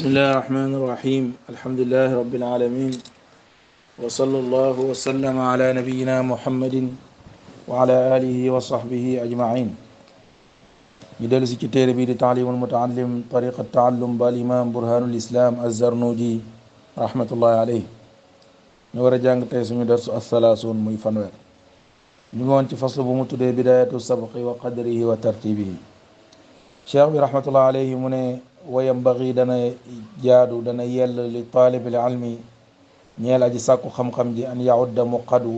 بسم الله الرحمن الرحيم الحمد لله رب العالمين وصلى الله وسلم على نبينا محمد وعلى آله وصحبه أجمعين يدلس كتير بيد تعليم المتعلم طريق التعلم بالإمام برهان الإسلام الزرنوجي رحمة الله عليه نور جانغ تيسن درس الثلاثون مي فنوير نيغون تي فصل بو متودي بداية السبق وقدره وترتيبه شيخ رحمة الله عليه مني وينبغي دنا جادو دنا يل لطالب العلم نيال اجي ساكو خم خم دي ان يعد مقدو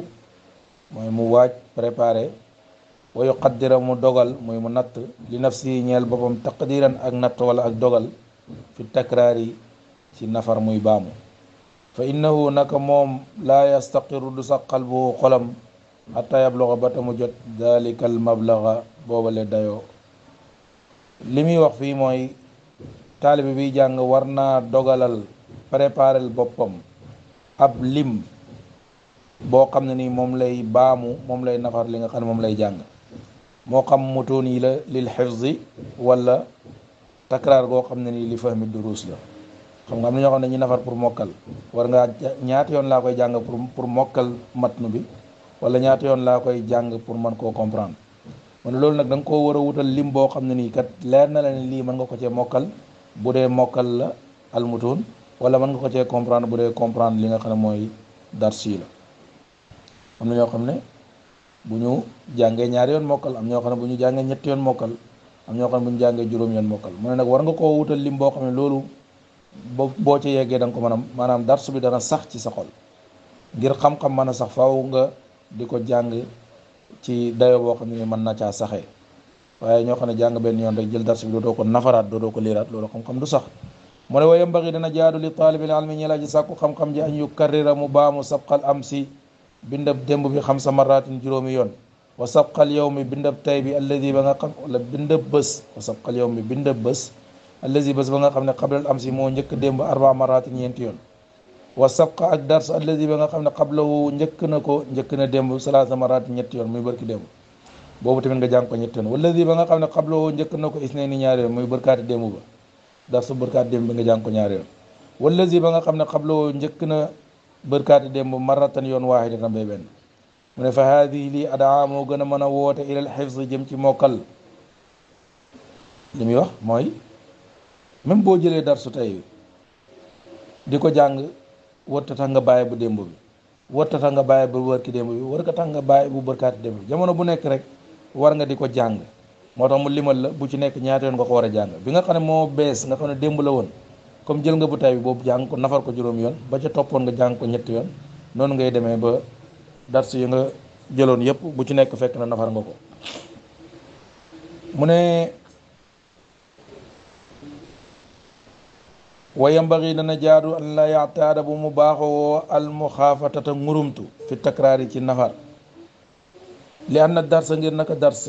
موي مو واج بريباري ويقدر مو دوغال موي مو نات لنفسي نيال بوبم تقديرا اك نات ولا اك دوغال في التكرار سي نفر موي بامو فانه نك موم لا يستقر دس قلبه قلم حتى يبلغ باتمو جوت ذلك المبلغ بوبل دايو limi wax fi taalibe bi jàng war naa dogalal préparel boppam ab lim boo xam ne nii moom lay baamu moom lay nafar li nga xam ne moom lay jàng moo xam mutuun yi la lil xifzi wala takraar goo xam ne ni li fahmi duruus la xam nga am na ñoo ne ñu nafar pour mokkal war ngaa ñaata yoon laa koy jàng pour pour mokkal matnu bi wala ñaata yoon laa koy jàng pour mën koo comprendre moon loolu nag danga ko koo war a wutal lim boo xam ne nii kat leer na la ne lii mën nga ko cee mokkal bu mokal almutun, la almutuun wala man nga ko cee comprendre bu dee comprendre li nga xam ne mooy darsi la am na ñoo xam ne bu ñu jàngee ñaari yoon mokal am ñoo xam ne bu ñu jàngee ñetti yoon mokkal am ñoo xam ne bu ñu jàngee juróom yoon mokkal mu ne war nga koo wutal lim boo xam ne loolu ci ko mën manam maanaam bi dana sax ci sa xol ngir xam-xam mën sax faaw nga di jàng ci dayo na waaye ñoo xam ne jàng benn yoon rek jël dars bi doodoo ko nafaraat doodoo ko liiraat loolu xam-xam du sax mu ne wa yambaxi dana jaadu li taalibil almi ñi laaji sàkku xam-xam ji añ yu karrira mu baamu sabqal am si bindab demb bi xam sa maraatin juróomi yoon wa sabqal yow mi bindab tay bi alladi ba nga xam wala bindab bés wa sabqal yow mi bindab bés alladi bés ba nga xam ne qablal am si moo njëkk démb arba maraatin ñeenti yoon wa sabqa ak dars alladi bi nga xam ne qablahu njëkk na ko njëkk na démb salaasa maraatin ñetti yoon muy barki démb boobu tamit nga jàng ko ñett yoon wala lii ba nga xam ne xabloo njëkk na ko is ne ni ñaari yoon muy bërkaati démb ba daf bërkaati démb bi nga jàng ko ñaari yoon wala ba nga xam ne xabloo njëkk na bërkaati démb maratan yoon waaxidatan bay benn mu ne fa haadihi lii adaa moo gën a mën a woote ilal xifz jëm ci mokkal li muy wax mooy même boo jëlee darsu tey di ko jàng warta tax nga bu démb bi warta tax nga bu wërki démb bi warta tax nga bu bërkaati démb bi jamono bu nekk rek war nga di ko jàng moo tax mu limal la bu ci nekk ñaata yoon nga ko war a jàng bi nga xam ne moo bees nga xam ne la woon comme jël nga bu tay bi ko nafar ko juróom yoon ba ca toppoon nga jàng ko ñetti yon non ngay demee ba dar yi nga jëloon yépp bu ci nekk fekk na nafar nga ko mu ne wa dana jaadu an la yaataada bu al muxaafatata ngurumtu fi takraari ci nafar li am na darsa ngir naka dars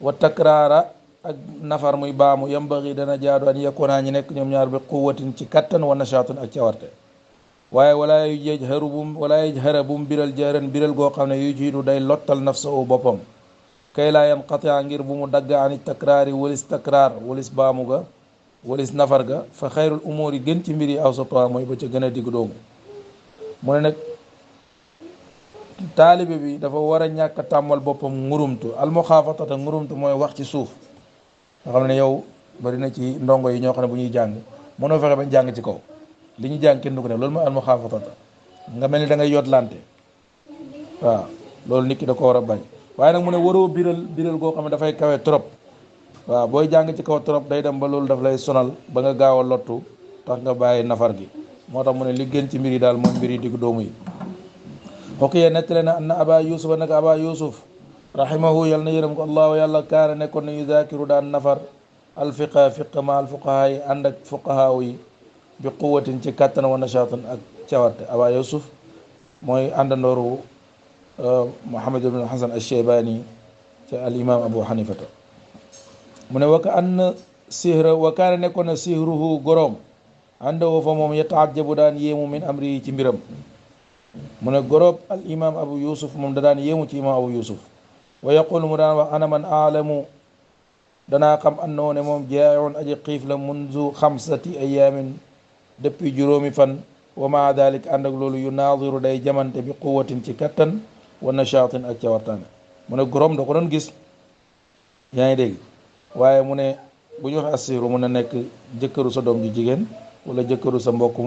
wa takraara ak nafar muy baamu yambaxi dana jaadu an yakuna ñi nekk ñoom ñaar bi quwatin ci kattan wa nashaatun ak cawarte waaye walaa yajharu bum walaa yajhara bum biral jëran biral goo xam ne yujiidu day lottal nafsahu boppam kay laa yanqatia ngir bu mu dagg ani takraari walis takraar walis baamu ga walis nafar ga fa xayrul umuur yi gën ci mbir yi awsatuha mooy ba ca gën a digg doomu mu ne nag taalibe bi dafa war a ñàkk a tàmmal boppam ngurumtu almuxaafatata ngurumtu mooy wax ci suuf nga xam ne yow bari na ci ndongo yi ñoo xam ne bu ñuy jàng mënoo fexe bañ jàng ci kaw li ñu jàng kenn du ko def loolu mooy almuxaafatata nga mel ni da ngay yotlante waaw loolu nit ki da ko war a bañ waaye nag mu ne waroo biral biral goo xam ne dafay kawe trop waaw booy jàng ci kaw trop day dem ba loolu daf lay sonal ba nga gaaw a lottu tax nga bàyyi nafar gi moo tax mu ne li ci mbir yi daal mooy mbir yi yi oqiya nettale na anna aba yusuf naka aba yusuf rahimahu yal na yërëm ko allahu yàlla kaana nekkoon na yudakiru daan nafar alfiqa fiqa ma alfuqaha yi ànd ak fuqahaaw yi bi quwatin ci kàttan wa nashaatan ak cawarte aba yusuf mooy àndandooru euh, muhammad ibn hasan alsheybani ci alimam abu hanifata mu ne waka an sihra wa kaana nekkoon na sihruhu goroom ànda woo fa moom yataajjabu daan yéemu min amri yi ci mbiram mu ne gorob al imam abu yusuf moom da daan yéemu ci imam abu yusuf wa yaqulu mu daan wax ana man aalamu danaa xam annoo ne moom jaayoon aji xiif la munzu xamsati ayaamin depuis juróomi fan wa maa dalik ànd ak loolu yu naadiru day jamante bi quwatin ci kattan wa nachaatin ak cawartaane mu ne gorom da ko doon gis yaa ngi dégg waaye mu ne bu ñu wax assiru a nekk jëkkëru sa doom jigéen wala jëkkëru sa mbokk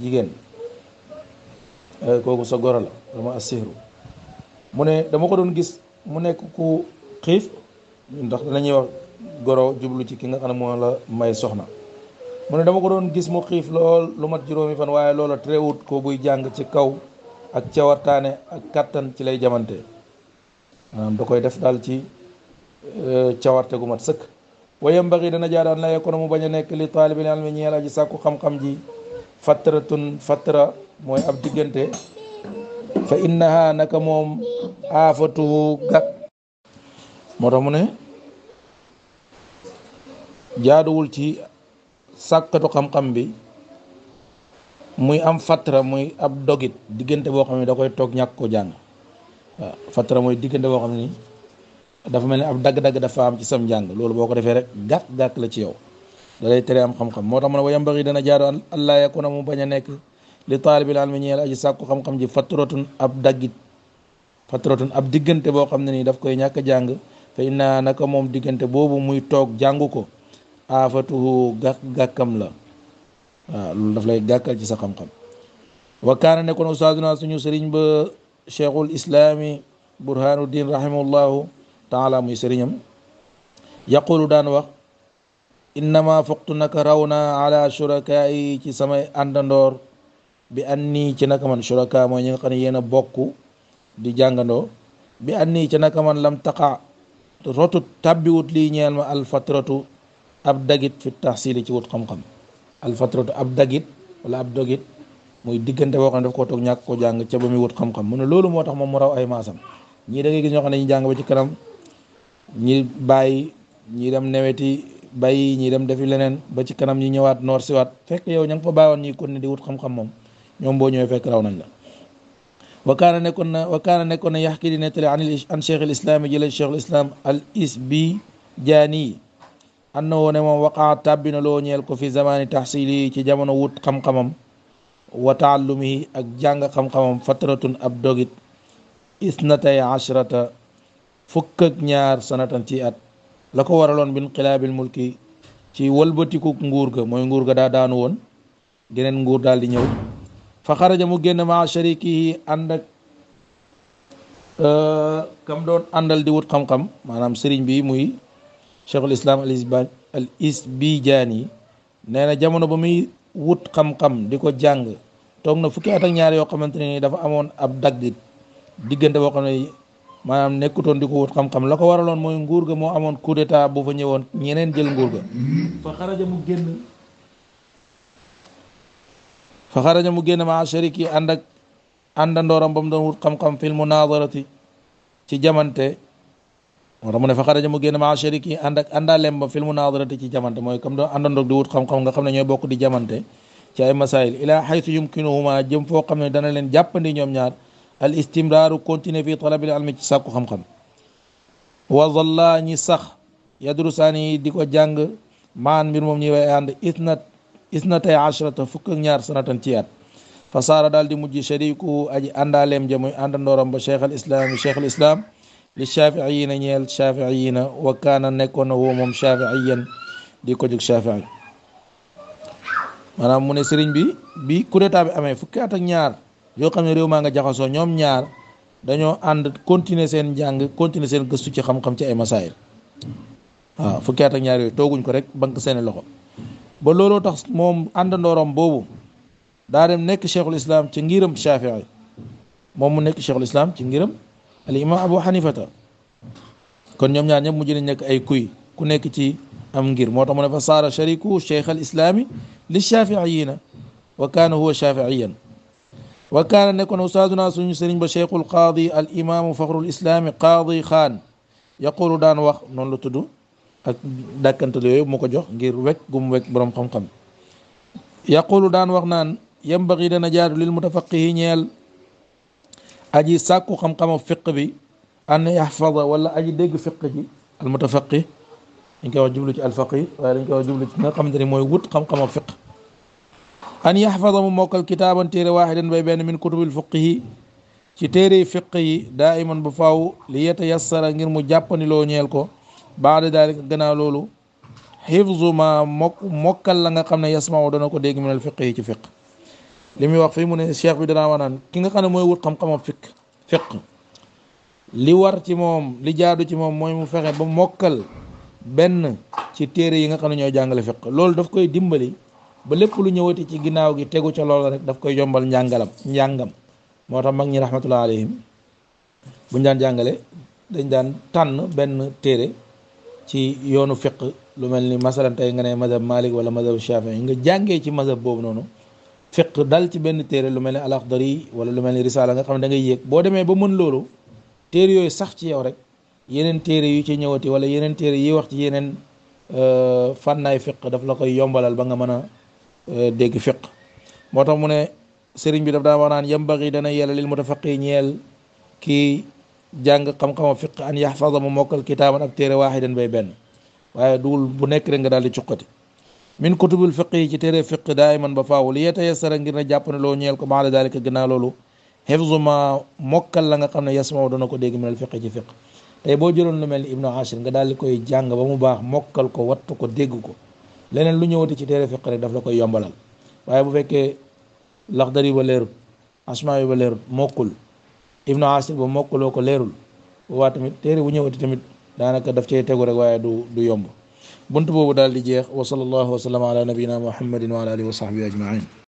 jigéen Eh, kooku sa goro dama asiru mu dama ko gis mu nekk ku xiif ndax danañuy wax goro jublu ci ki nga mai sohna. moo la may soxna dama ko gis mu xiif lool lu mat juróomi fan waaye loola tréwut ko buy jàng ci kaw ak cawartaane ak katan ci lay jamante maanaam da koy def daal ci eh, cawarte gu mat sëkk wayam mbagi dana jaadaan la yekono mu bañ a nekk li taalibil almi ñeel aji xam-xam ji fatratun fatra mooy ab diggante fa innaha naka moom aafatu gàkk moo tax mu ne jaaduwul ci sàkkatu xam-xam bi muy am fatra muy ab dogit diggante boo xam ne da koy toog ñàkk ko jàng waaw mooy diggante boo xam ne dafa mel ne ab dagg-dagg dafa am ci sam njàng loolu boo ko defee rek gàkk-gàkk la ci yow da lay tere am xam-xam moo tax mu ne wa yambaxi dana jaadu an allaa yakuna mu bañ a nekk li taalibil almi ñeel aji sàkku xam ji fatratun ab daggit fatratun ab diggante boo xam ne nii daf koy ñàkk jàng fa inna naka moom diggante boobu muy toog jàngu ko aafatuhu gàkk gàkkam la waaw daf lay gàkkal ci sa xam-xam wa kaana nekkoon ustaaduna suñu sëriñ ba cheikhul islaami burhanuddin rahimahullahu taala muy sëriñam yaqulu daan wax innama foqtu naka raw na ala shurakaay ci samay àndandoor bi an nii ci naka man suraka mooy ñi nga xam ne yéen a bokk di jàngandoo bi an nii ci naka man lam taqa rotut wut lii ñeel ma alfatratu ab dagit fi tahsili ci wut xam-xam alfatratu ab dagit wala ab dogit muy diggante boo xam ne daf toog ñàkk koo jàng ca ba muy wut xam-xam mu ne loolu moo tax moom mu raw ay maasam ñii da ngay gis ñoo xam ne ñu jàng ba ci kanam ñi bàyyi ñi dem neweti bàyyi ñi dem defi leneen ba ci kanam ñi ñëwaat noor siwaat fekk yow ña nga fa bàyyoon ñi kon ne di wut xam moom ñoom boo ñëwee fekk raw nañ la wa kaana nekkoon na wa kaana nekkoon na yaxki di nettali an an cheikh al islam yi jële cheikh al islam al isbijaani anna woo ne loo ñeel ko fi zamani tahsili ci jamono wut xam-xamam wa taallumi ak jàng xam-xamam ab dogit isnatay ashrata fukk ñaar sanatan ci at la ko waraloon bin xilaabil mulki ci wëlbatiku nguur ga mooy nguur ga daa daanu woon geneen nguur daal di ñëw fa xaraja mu génn maa sharikihi ànd ak euh, kam doon àndal di wut xam-xam maanaam sëriñ bi muy cheikhul islam al isbijaani nee na jamono ba muy wut xam-xam di ko jàng toog na fukki at ñaar yoo xamante ne dafa amoon ab daggit diggante boo xam ne maanaam nekkutoon di ko wut xam-xam la ko waraloon mooy nguur ga moo amoon coup d'état bu fa ñëwoon ñeneen jël nguur ga fa xaraja mu génn fa xaraja mu génn maa sharik yi ànd ak àndandooram ba mu doon wut xam-xam fil munadarati ci jamante moo tax mu ne fa xaraja mu génn maa sharik yi ànd ak àndaalem ba ci jamante mooy comme doon àndandoog di wut xam-xam nga xam ne ñooy bokk di jamante ci ay masail ila xaytu yumkinuhuma jëm foo xam ne dana leen jàppandi ñoom ñaar al istimraaru continuer fi talabil ilmi ci sàkku xam-xam wa zalla ñi sax yadrusaani di ko jàng maan mbir moom ñi way ànd isnat isnatay ashrata fukk ak ñaar sanatan ci at fa saara daal di mujj shariku aji àndaaleem ja muy àndandooram ba cheikh al islam cheikh al islam li shafiiina ñeel shafiiina wa wakaana nekkoon na woo moom shafiiyan di ko jóg shafii maanaam mu ne sëriñ bi bi coup bi amee fukki atak ñaar yoo xam ne réew maa ngi jaxasoo ñoom ñaar dañoo ànd continuer seen njàng continuer seen gëstu ci xam-xam ci ay masaayil waaw fukki at ñaar yooyu tooguñ ko rek bank seeni loxo ba looloo tax moom àndandooram boobu daa dem nekk cheikhul islam ci ngiram shafii moom mu nekk cheikhul islam ci ngiram al imam abu hanifata kon ñoom ñaar ñëpp mujj nañ nekk ay kuy ku nekk ci am ngir moo tax mu ne fa saara shariku cheikh al islami li shafiiyina wa kaana huwa shafiiyan wa kaana nekkoon ustaaduna suñu sëriñ ba cheikhul qaadi al imaamu faxrul islaami qaadi xaan yaqulu daan wax noonu la tudd ak dàkkantal yooyu mu jox ngir wek gum wek borom xam-xam yaqulu dan wax nan yambaghi dana jaadu lil mutafaqihi ñeel aji sàkku xam fiq bi an yaxfada wala aji deg fiq ji al mutafaqi dañ koy wax jublu ci alfaqi waaye dañ koy wax jublu ci nga xam ni moy wut xam xam fiq an yaxfada mu mokkal kitaaban téere waaxidan bay ben min kutub al fuqihi ci tere fiqh yi daa bu faaw li yatayassara ngir mu jappani lo ñeel ko baada daalik gannaaw loolu xifzu ma mokk mokkal la nga xam ne yasmaaw dana ko dégg minal fiq yi ci fiq li muy wax fii mu ne cheikh bi danaa wax naan ki nga xam ne mooy wut xam-xamam fiq fiq li war ci moom li jaadu ci moom mooy mu fexe ba mokkal benn ci téere yi nga xam ne ñooy jàngale fiq loolu daf koy dimbali ba lépp lu ñëwati ci ginnaaw gi tegu ca loolu rek daf koy yombal njàngalam njàngam moo tax mag ñi rahmatullah alayhim buñ daan jàngale dañ daan tànn benn téere ci yoonu fiq lu mel ni masalan tey nga ne mazhab Malik wala mazhab Shafii nga jàngee ci mazhab boobu noonu fiq dal ci benn téere lu mel ni Alaxdari wala lu mel ni risaala nga xam ne da ngay yéeg boo demee ba mën loolu téere yooyu sax ci yow rek yeneen téere yu ci ñëwati wala yeneen téere yi wax ci yeneen euh, fannaay fiq daf la koy yombalal ba nga mën a euh, dégg fiq moo tax mu ne bi daf daan wax naan yambagi dana yàlla lil mutafaqi ñeel kii jàng xam-xama fiq an yaxfada mu mokkal kitaaban ab téere waaxidan bay benn waaye dugul bu nekk rek nga daal di cuqati min kutubil fiq yi ci téere fiq daayiman ba faaw li yetayassara ngir na jàpp ne loo ñeel ko maala daalika gannaaw loolu xifzu mokkal la nga xam ne yasmaw dana ko dégg minal fiq ci fiq tey boo jëloon lu mel ni ibnu ashir nga daal di koy jàng ba mu baax mokkal ko wattu ko dégg ko leneen lu ñëwati ci téere fiq rek daf la koy yombalal waaye bu fekkee laxdar yi ba leerut asmaa yi ba leerut mokkul ibnu asin boobu mokkaloo ko leerul waa tamit téere bu ñëwati tamit daanaka daf cay tegu rek waaye du du yomb bunt boobu daal di jeex wa sallallahu wa sallam ala nabiyina muhammadin wa ala alihi wa sahbihi ajmain